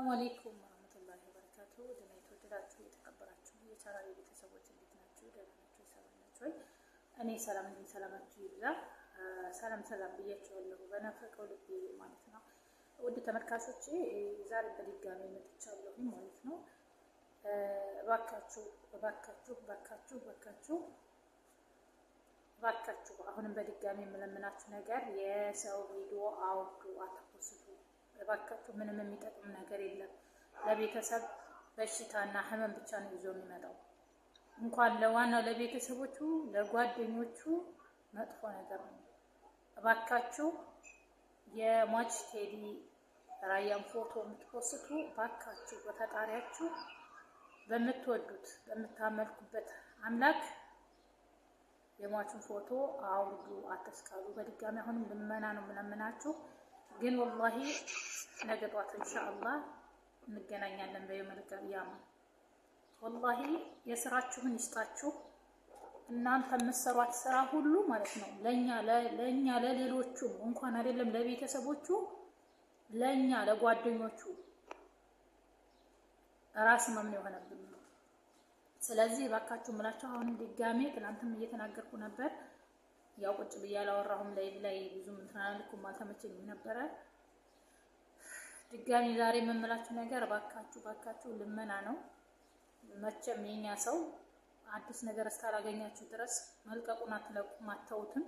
ሰላም አለይኩም ወራህመቱላሂ ወበረካቱ። ደህና የተወደዳችሁ የተከበራችሁ የቻናሌ ቤተሰቦች እንዴት ናችሁ? ደህና ናችሁ? ሰላም ናችሁ ወይ? እኔ ሰላም ነኝ። ሰላማችሁ ይብዛ። ሰላም ሰላም ብያችኋለሁ በናፈቀው ልቤ ማለት ነው። ውድ ተመልካቾቼ ዛሬ በድጋሚ መጥቻለሁ ማለት ነው። እባካችሁ እባካችሁ እባካችሁ እባካችሁ እባካችሁ አሁንም በድጋሚ የምለምናችሁ ነገር የሰው ቪዲዮ አውዱ አታፖስቱ የባካችሁ ምንም የሚጠቅም ነገር የለም። ለቤተሰብ በሽታና ህመም ብቻ ነው ይዞ የሚመጣው። እንኳን ለዋናው ለቤተሰቦቹ ለጓደኞቹ መጥፎ ነገር ነው። እባካችሁ የሟች ቴዲ ራያን ፎቶ የምትፖስቱ እባካችሁ በፈጣሪያችሁ በምትወዱት በምታመልኩበት አምላክ የሟቹን ፎቶ አውርዱ፣ አትስቀሉ። በድጋሚ አሁንም ልመና ነው የምለምናችሁ። ግን ወላሂ ነገ ጧት ኢንሻአላህ እንገናኛለን። በየውመል ቂያማ ወላሂ የስራችሁን ይስጣችሁ። እናንተ የምትሰሯት ስራ ሁሉ ማለት ነው ለኛ ለኛ ለሌሎቹ እንኳን አይደለም ለቤተሰቦቹ ለኛ ለጓደኞቹ ራስ መምን የሆነብን ነው። ስለዚህ እባካችሁ ምላችሁ አሁንም ድጋሜ ትናንትም እየተናገርኩ ነበር ያው ቁጭ ብዬ አላወራሁም ላይ ላይ ብዙ እንትን አላልኩም፣ አልተመቸኝም ነበረ። ድጋሚ ዛሬ የምንላችሁ ነገር ባካችሁ ባካችሁ ልመና ነው። መቼም የኛ ሰው አዲስ ነገር እስካላገኛችሁ ድረስ መልቀቁን አትለቁም፣ አተውትም።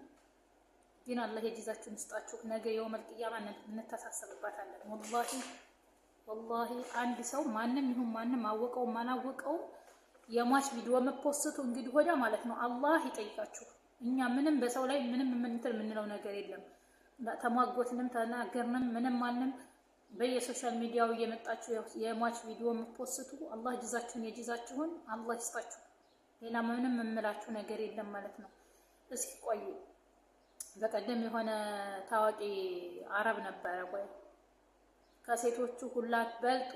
ግን አላህ የጅዛችሁን ይስጣችሁ። ነገ የውመል ቂያማ እንታሳሰብባታለን። ወላሂ ወላሂ አንድ ሰው ማንም ይሁን ማንም አወቀውም አላወቀውም የሟች ቪዲዮ መፖስቱ እንግዲህ ወዲያ ማለት ነው አላህ ይጠይቃችሁ። እኛ ምንም በሰው ላይ ምንም የምንትል የምንለው ነገር የለም። ተሟጎትንም ተናገርንም ምንም ማንም በየሶሻል ሚዲያው እየመጣችሁ የሟች ቪዲዮ የምትፖስቱ አላህ ጅዛችሁን የጅዛችሁን አላህ ይስጣችሁ። ሌላ ምንም የምላችሁ ነገር የለም ማለት ነው። እስኪ ቆዩ። በቀደም የሆነ ታዋቂ አረብ ነበረ ወይ ከሴቶቹ ሁላት በልጦ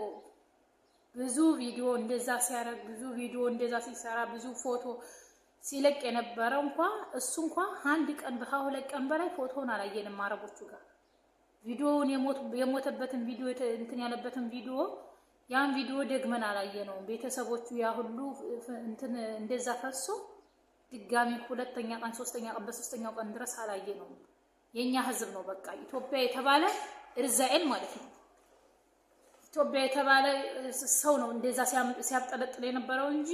ብዙ ቪዲዮ እንደዛ ሲያረግ ብዙ ቪዲዮ እንደዛ ሲሰራ ብዙ ፎቶ ሲለቅ የነበረው እንኳ እሱ እንኳ አንድ ቀን ሁለት ቀን በላይ ፎቶውን አላየንም። አረቦቹ ጋር ቪዲዮውን የሞተበትን ቪዲዮ እንትን ያለበትን ቪዲዮ ያን ቪዲዮ ደግመን አላየነውም። ቤተሰቦቹ ያ ሁሉ እንትን እንደዛ ፈሶ ድጋሚ ሁለተኛ ቀን ሶስተኛ ቀን በሶስተኛው ቀን ድረስ አላየነውም። የኛ ህዝብ ነው በቃ ኢትዮጵያ የተባለ እርዛኤል ማለት ነው። ኢትዮጵያ የተባለ ሰው ነው እንደዛ ሲያብጠለጥል የነበረው እንጂ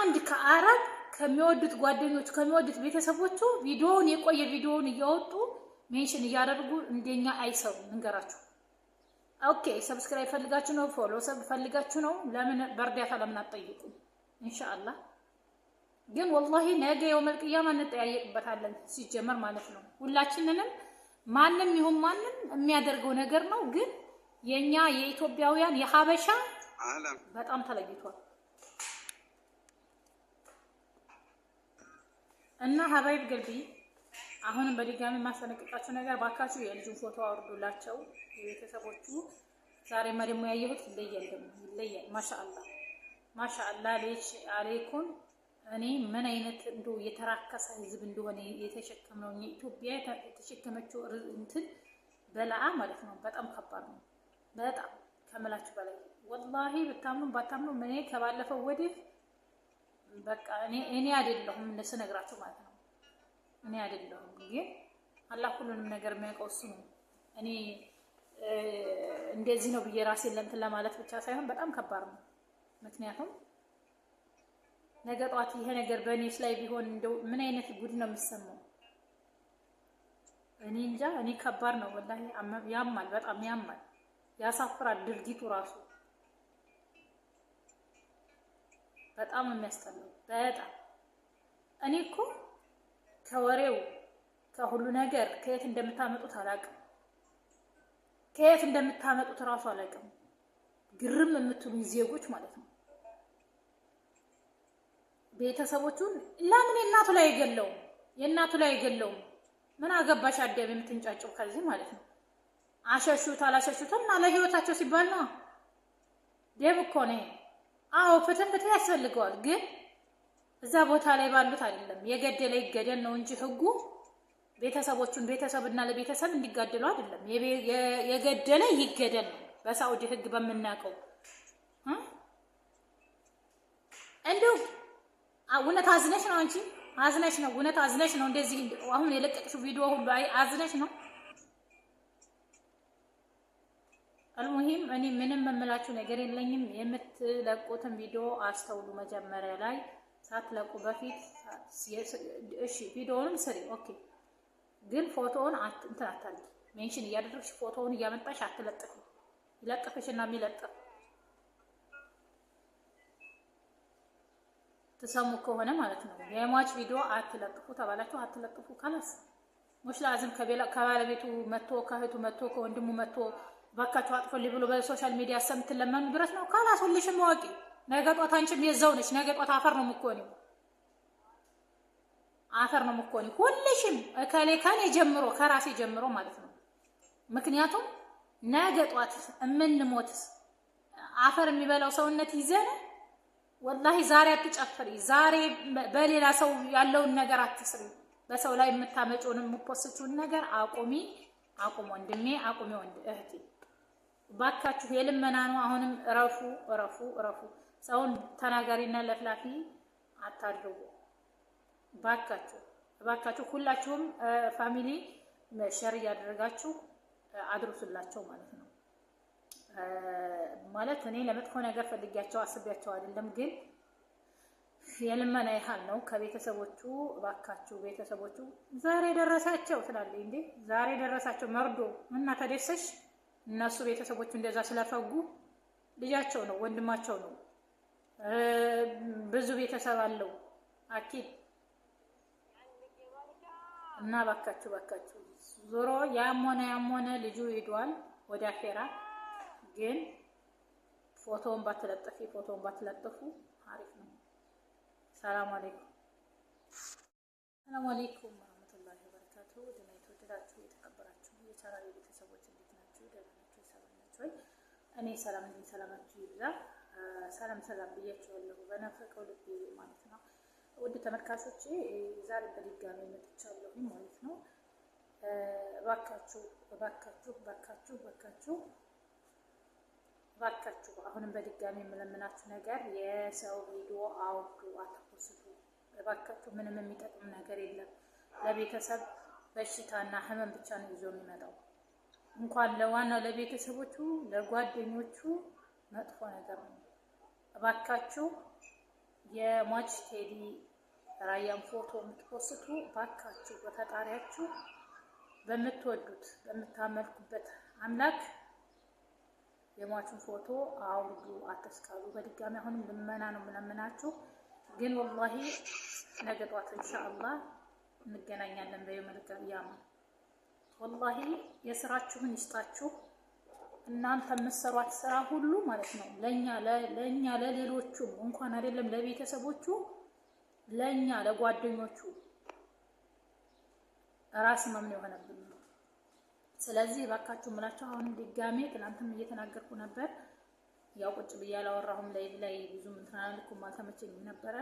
አንድ ከአራት ከሚወዱት ጓደኞቹ ከሚወዱት ቤተሰቦቹ ቪዲዮውን የቆየ ቪዲዮውን እያወጡ ሜንሽን እያደረጉ እንደኛ አይሰሩ እንገራችሁ። ኦኬ ሰብስክራይብ ፈልጋችሁ ነው፣ ፎሎ ሰብ ፈልጋችሁ ነው። ለምን በእርዳታ ለምን አትጠይቁ? ኢንሻአላህ ግን ወላሂ ነገ የውመል ቂያማ እንጠያየቅበታለን። ሲጀመር ማለት ነው ሁላችንንም ማንም ይሁን ማንም የሚያደርገው ነገር ነው። ግን የኛ የኢትዮጵያውያን የሀበሻ በጣም ተለይቷል። እና ሀባይብ ገልቢ አሁንም በድጋሚ የማስጠነቅቃችሁ ነገር ባካችሁ የልጁን ፎቶ አውርዱላቸው የቤተሰቦቹ። ዛሬማ ደግሞ ያየሁት ይለያል፣ ደግሞ ይለያል። ማሻአላ ማሻአላ ሌች አሌይኩም። እኔ ምን አይነት እንዶ የተራከሰ ህዝብ እንደሆነ የተሸከምነው ኢትዮጵያ የተሸከመችው እንትን በላአ ማለት ነው። በጣም ከባድ ነው። በጣም ከምላችሁ በላይ ወላሂ፣ ብታምኑ ባታምኑ እኔ ከባለፈው ወዲህ በቃ እኔ አይደለሁም ነግራቸው ማለት ነው። እኔ አይደለሁም ግን አላህ ሁሉንም ነገር የሚያውቀው እሱ ነው። እኔ እንደዚህ ነው ብዬ ራሴ ለእንትን ለማለት ብቻ ሳይሆን በጣም ከባድ ነው። ምክንያቱም ነገ ጠዋት ይሄ ነገር በእኔስ ላይ ቢሆን እንደው ምን አይነት ጉድ ነው የሚሰማው? እኔ እንጃ። እኔ ከባድ ነው ወላሂ፣ ያማል፣ በጣም ያማል፣ ያሳፍራል ድርጊቱ ራሱ በጣም የሚያስጠላው በጣም እኔ እኮ ከወሬው ከሁሉ ነገር ከየት እንደምታመጡት አላውቅም። ከየት እንደምታመጡት እራሱ አላውቅም። ግርም የምትሉኝ ዜጎች ማለት ነው። ቤተሰቦቹን ለምን የእናቱ ላይ አይገለውም? የእናቱ ላይ አይገለውም። ምን አገባሽ አደብ የምትንጫጭው ከዚህ ማለት ነው። አሸሹት አላሸሹትም እና ለህይወታቸው ሲባል ነው። ደም እኮ ነው። አዎ ፍትህ ፍትህ ያስፈልገዋል። ግን እዛ ቦታ ላይ ባሉት አይደለም የገደለ ይገደል ነው እንጂ ህጉ ቤተሰቦቹን ቤተሰብና ለቤተሰብ እንዲጋደሉ አይደለም። የገደለ ይገደል ነው በሳዑዲ ህግ በምናውቀው እንዲሁም እውነት አዝነሽ ነው አንቺ አዝነሽ ነው እውነት አዝነሽ ነው እንደዚህ አሁን የለቀቅሽው ቪዲዮ ሁሉ አዝነሽ ነው። አልሙሂም እኔ ምንም የምላችሁ ነገር የለኝም። የምትለቁትን ቪዲዮ አስተውሉ። መጀመሪያ ላይ ሳትለቁ በፊት እሺ፣ ቪዲዮውንም ስሪ ኦኬ፣ ግን ፎቶውን እንትን አታል ሜንሽን እያደረግሽ ፎቶውን እያመጣሽ አትለጥፉ። ይለጥፍሽ እና የሚለጥፍ ትሰሙ ከሆነ ማለት ነው። የሟች ቪዲዮ አትለጥፉ ተባላችሁ፣ አትለጥፉ። ካላስ ሙሽ ለአዝም ከባለቤቱ መጥቶ ከእህቱ መጥቶ ከወንድሙ መጥቶ በካቸው አጥፎልኝ ብሎ በሶሻል ሚዲያ ስለምትለመኑ ድረስ ነው። ካላስወልሽም ማወቂ ነገ ጧት አንቺም የዛው ነች። ነገ ጧት አፈር ነው የምትሆኚው፣ አፈር ነው የምትሆኚው። ሁልሽም እከሌ ከኔ ጀምሮ ከራሴ ጀምሮ ማለት ነው። ምክንያቱም ነገ ጧት የምንሞት አፈር የሚበላው ሰውነት ይዘን ወላሂ ዛሬ አትጨፍሪ፣ ዛሬ በሌላ ሰው ያለውን ነገር አትስሪ። በሰው ላይ የምታመጪውን የምፖስችውን ነገር አቁሚ፣ አቁም ወንድሜ፣ አቁሚ ወንድ እህቴ። ባካችሁ የልመና ነው። አሁንም እረፉ እረፉ እረፉ። ሰውን ተናጋሪና ለፍላፊ አታድርጉ። ባካችሁ ባካችሁ ሁላችሁም ፋሚሊ ሸር እያደረጋችሁ አድርሱላቸው ማለት ነው። ማለት እኔ ለመጥፎ ነገር ፈልጊያቸው አስቢያቸው አይደለም፣ ግን የልመና ያህል ነው። ከቤተሰቦቹ ባካችሁ ቤተሰቦቹ ዛሬ ደረሳቸው ትላለች እንዴ! ዛሬ ደረሳቸው መርዶ እና ተደሰሽ እነሱ ቤተሰቦቹ እንደዛ ስለፈጉ ልጃቸው ነው ወንድማቸው ነው። ብዙ ቤተሰብ አለው አኪድ እና ባካችሁ ባካችሁ ዞሮ ያም ሆነ ያም ሆነ ልጁ ሂዷል ወደ አፌራ። ግን ፎቶውን ባትለጥፊ ፎቶውን ባትለጥፉ አሪፍ ነው። ሰላም አለይኩም ሰላም አለይኩም ወራህመቱላሂ ወበረካቱ። ድና የተወደዳችሁ የተከበራችሁ የቻናሌ ቤተሰቦች ናቸው። እኔ ሰላም እኔ ሰላማችሁ ይብዛ። ሰላም ሰላም ብያችኋለሁ በናፈቀው ልብ ማለት ነው። ውድ ተመልካቾች ዛሬ በድጋሚ መጥቻለሁ ማለት ነው። እባካችሁ እባካችሁ እባካችሁ እባካችሁ እባካችሁ አሁንም በድጋሚ የምለምናችሁ ነገር የሰው ቪዲዮ አውርዱ፣ አትፖስቱ እባካችሁ። ምንም የሚጠቅም ነገር የለም። ለቤተሰብ በሽታና ህመም ብቻ ነው ይዞ የሚመጣው። እንኳን ለዋናው ለቤተሰቦቹ ለጓደኞቹ መጥፎ ነገር ነው። እባካችሁ የሟች ቴዲ ራያን ፎቶ የምትፖስቱ እባካችሁ በፈጣሪያችሁ በምትወዱት በምታመልኩበት አምላክ የሟቹን ፎቶ አውርዱ፣ አትስቀሉ። በድጋሚ አሁንም ልመና ነው የምለምናችሁ። ግን ወላሂ ነገ ጧት ኢንሻአላህ እንገናኛለን በየመልቀ ያማ ወላሂ የስራችሁን ይስጣችሁ። እናንተ የምትሰሯት ስራ ሁሉ ማለት ነው ለእኛ ለእኛ ለሌሎቹ እንኳን አይደለም ለቤተሰቦቹ ለኛ ለጓደኞቹ ራስ መምን የሆነብን ነው። ስለዚህ እባካችሁ ምላችሁ አሁንም ድጋሜ ትናንትም እየተናገርኩ ነበር። ያው ቁጭ ብዬ አላወራሁም ላይ ላይ ብዙም እንትን አላልኩም፣ አልተመቸኝም ነበረ።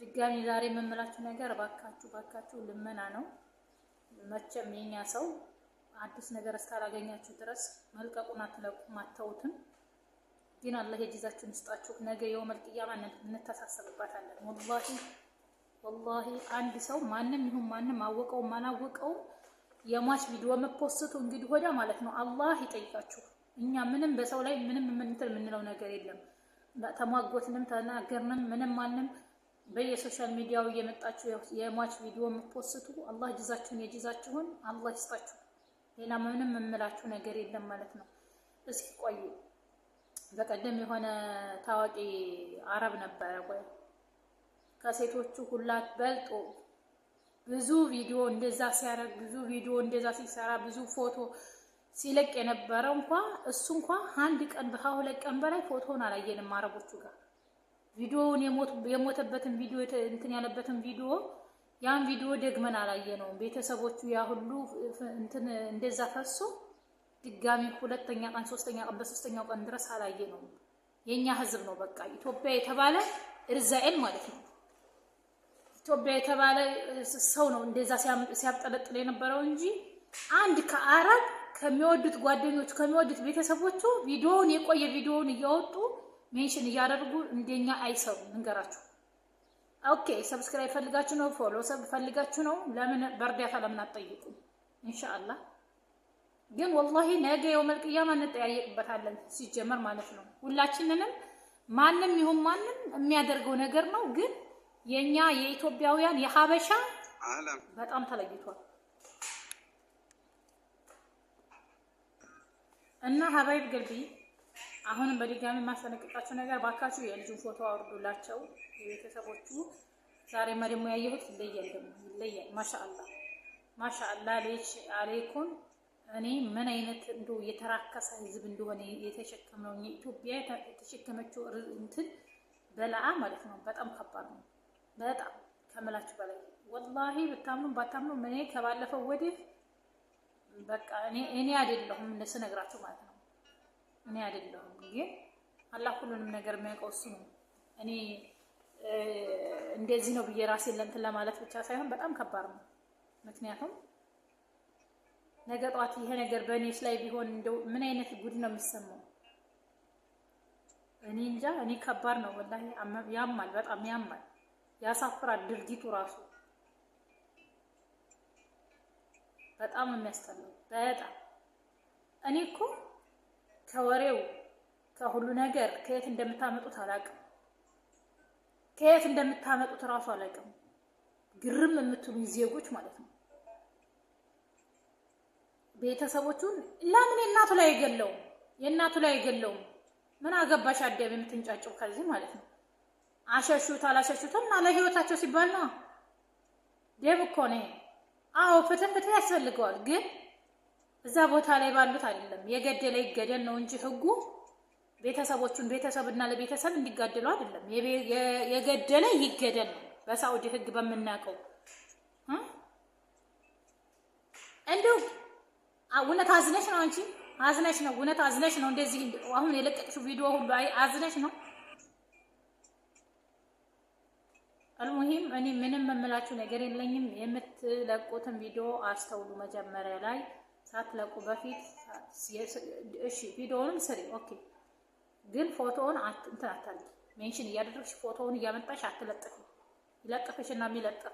ድጋሜ ዛሬ የምምላችሁ ነገር እባካችሁ እባካችሁ ልመና ነው። መቼም የኛ ሰው አዲስ ነገር እስካላገኛችሁ ድረስ መልቀቁን አትለቁም፣ አታውትም። ግን አላህ የጅዛችሁን ይስጣችሁ። ነገ የውመል ቅያማ እንተሳሰብባታለን። ወላሂ ወላሂ አንድ ሰው ማንም ይሁን ማንም አወቀውም አላወቀውም የሟች ቪዲዮ መፖስቱ እንግዲህ ወዲያ ማለት ነው። አላህ ይጠይቃችሁ። እኛ ምንም በሰው ላይ ምንም የምንትል የምንለው ነገር የለም። ተሟጎትንም ተናገርንም ምንም ማንም በየሶሻል ሚዲያው እየመጣችሁ የሟች ቪዲዮ የምትፖስቱ አላህ ጅዛችሁን የጅዛችሁን አላህ ይስጣችሁ። ሌላ ምንም የምላችሁ ነገር የለም ማለት ነው። እስኪ ቆዩ። በቀደም የሆነ ታዋቂ አረብ ነበረ ወይ ከሴቶቹ ሁላት በልጦ ብዙ ቪዲዮ እንደዛ ሲያደርግ ብዙ ቪዲዮ እንደዛ ሲሰራ ብዙ ፎቶ ሲለቅ የነበረው እንኳ እሱ እንኳ አንድ ቀን ሁለት ቀን በላይ ፎቶውን አላየንም አረቦቹ ጋር ቪዲዮውን የሞተበትን ቪዲዮ እንትን ያለበትን ቪዲዮ ያን ቪዲዮ ደግመን አላየ ነው። ቤተሰቦቹ ያ ሁሉ እንትን እንደዛ ፈሶ ድጋሚ ሁለተኛ ቀን ሶስተኛ ቀን በሶስተኛው ቀን ድረስ አላየነውም። የኛ ህዝብ ነው በቃ ኢትዮጵያ የተባለ እርዛኤል ማለት ነው። ኢትዮጵያ የተባለ ሰው ነው እንደዛ ሲያብጠለጥል የነበረው እንጂ አንድ ከአራት ከሚወዱት ጓደኞቹ ከሚወዱት ቤተሰቦቹ ቪዲዮውን የቆየ ቪዲዮውን እያወጡ ሜንሽን እያደረጉ እንደኛ አይሰሩ እንገራችሁ። ኦኬ ሰብስክራይብ ፈልጋችሁ ነው፣ ፎሎ ሰብ ፈልጋችሁ ነው። ለምን በእርዳታ ለምን አጠይቁ ኢንሻአላህ ግን ወላሂ ነገ የውመል ቂያማ እንጠያየቅበታለን። ሲጀመር ማለት ነው ሁላችንንም ማንም ይሁን ማንም የሚያደርገው ነገር ነው። ግን የኛ የኢትዮጵያውያን የሀበሻ በጣም ተለይቷል እና ሀባይብ ገልቢ አሁንም በድጋሚ የማስጠነቅቃቸው ነገር ባካችሁ የልጁን ፎቶ አውርዱላቸው የቤተሰቦቹ። ዛሬ ደግሞ ያየሁት ይለያል፣ ደግሞ ይለያል። ማሻአላ ማሻአላ አሌይኩም። እኔ ምን አይነት እንዶ የተራከሰ ህዝብ እንደሆነ የተሸከመው ኢትዮጵያ የተሸከመችው እንትን በላአ ማለት ነው። በጣም ከባድ ነው። በጣም ከምላችሁ በላይ ወላሂ። ብታምኑ ባታምኑ እኔ ከባለፈው ወዲህ በቃ እኔ እኔ አይደለሁም ስነግራችሁ ማለት ነው እኔ አይደለሁም። ግን አላህ ሁሉንም ነገር የሚያውቀው እሱ ነው። እኔ እንደዚህ ነው ብዬ ራሴ ለእንትን ለማለት ብቻ ሳይሆን በጣም ከባድ ነው። ምክንያቱም ነገ ጠዋት ይሄ ነገር በኔስ ላይ ቢሆን እንደው ምን አይነት ጉድ ነው የሚሰማው? እኔ እንጃ። እኔ ከባድ ነው ወላሂ። ያማል፣ በጣም ያማል፣ ያሳፍራል። ድርጊቱ ራሱ በጣም የሚያስጠላው በጣም እኔ እኮ ከወሬው ከሁሉ ነገር ከየት እንደምታመጡት አላውቅም። ከየት እንደምታመጡት እራሱ አላውቅም። ግርም የምትሉኝ ዜጎች ማለት ነው። ቤተሰቦቹን ለምን የእናቱ ላይ አይገለውም? የእናቱ ላይ አይገለውም። ምን አገባሽ አዳም የምትንጫጭው ከዚህ ማለት ነው። አሸሹት አላሸሹትም እና ለህይወታቸው ሲባል ነው። ደም እኮ ነው። አዎ ፍትህ ፍትህ ያስፈልገዋል ግን እዛ ቦታ ላይ ባሉት አይደለም። የገደለ ይገደል ነው እንጂ ህጉ ቤተሰቦቹን ቤተሰብና ለቤተሰብ እንዲጋደሉ አይደለም። የገደለ ይገደል ነው ህግ በምናውቀው እንዲሁ እውነት አዝነሽ ነው አንቺ አዝነሽ ነው እውነት አዝነሽ ነው። እንደዚህ አሁን የለቀቅሽው ቪዲዮ ሁሉ አዝነሽ ነው። አልሙሂም እኔ ምንም መምላችሁ ነገር የለኝም። የምትለቁትን ቪዲዮ አስተውሉ መጀመሪያ ላይ ሳትለቁ በፊት እሺ፣ ቪዲዮውንም ስሪ ኦኬ። ግን ፎቶውን እንትን አታድርጊ፣ ሜንሽን እያደረግሽ ፎቶውን እያመጣሽ አትለጥፊ። ይለጥፍሽ እና የሚለጥፍ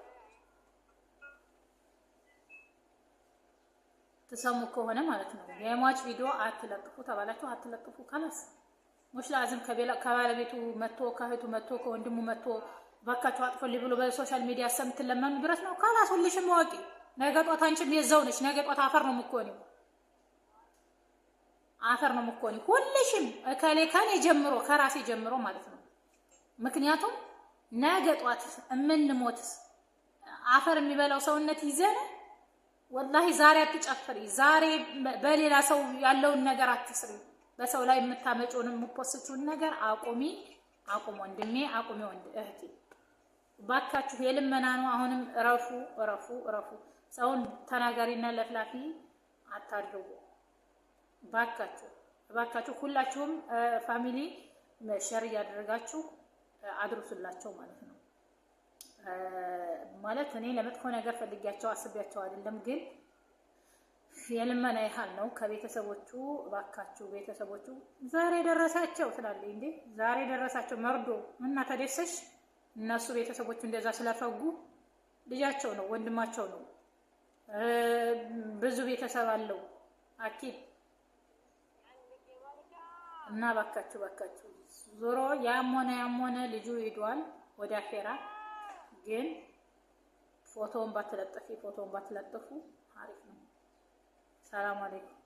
ትሰሙ ከሆነ ማለት ነው። የሟች ቪዲዮ አትለጥፉ ተባላችሁ አትለጥፉ። ካላስ ሙሽ ላዝም ከባለቤቱ መጥቶ ከእህቱ መጥቶ ከወንድሙ መጥቶ ባካችሁ አጥፎልኝ ብሎ በሶሻል ሚዲያ ሰምትለመኑ ድረስ ነው። ካላስ ሁልሽም ማወቂ ነገ ጧት አንቺም የዛው ነች። ነገ ጧት አፈር ነው የምትሆኒው፣ አፈር ነው የምትሆኒው። ሁልሽም እከሌ ከኔ ጀምሮ ከራሴ ጀምሮ ማለት ነው። ምክንያቱም ነገ ጧት የምንሞት አፈር የሚበላው ሰውነት ይዘን ወላሂ ዛሬ አትጨፍሪ፣ ዛሬ በሌላ ሰው ያለውን ነገር አትስሪ። በሰው ላይ የምታመጪውን የምትፖስችውን ነገር አቁሚ፣ አቁም ወንድሜ፣ አቁሚ ወንድ እህቴ። ባካችሁ የልመና ነው። አሁንም እረፉ እረፉ እረፉ። ሰውን ተናጋሪና ለፍላፊ አታድርጉ። ባካችሁ ባካችሁ ሁላችሁም ፋሚሊ ሸር እያደረጋችሁ አድርሱላቸው ማለት ነው። ማለት እኔ ለመጥፎ ነገር ፈልጊያቸው አስቢያቸው አይደለም፣ ግን የልመና ያህል ነው። ከቤተሰቦቹ ባካችሁ ቤተሰቦቹ ዛሬ ደረሳቸው ትላለች እንዴ! ዛሬ ደረሳቸው መርዶ እና ተደሰሽ እነሱ ቤተሰቦቹ እንደዛ ስለፈጉ ልጃቸው ነው ወንድማቸው ነው። ብዙ ቤተሰብ አለው አኪብ እና ባካችሁ ባካችሁ ዞሮ ያም ሆነ ያም ሆነ ልጁ ሂዷል ወደ አፌራ። ግን ፎቶውን ባትለጥፊ ፎቶውን ባትለጥፉ አሪፍ ነው። ሰላም አለይኩም።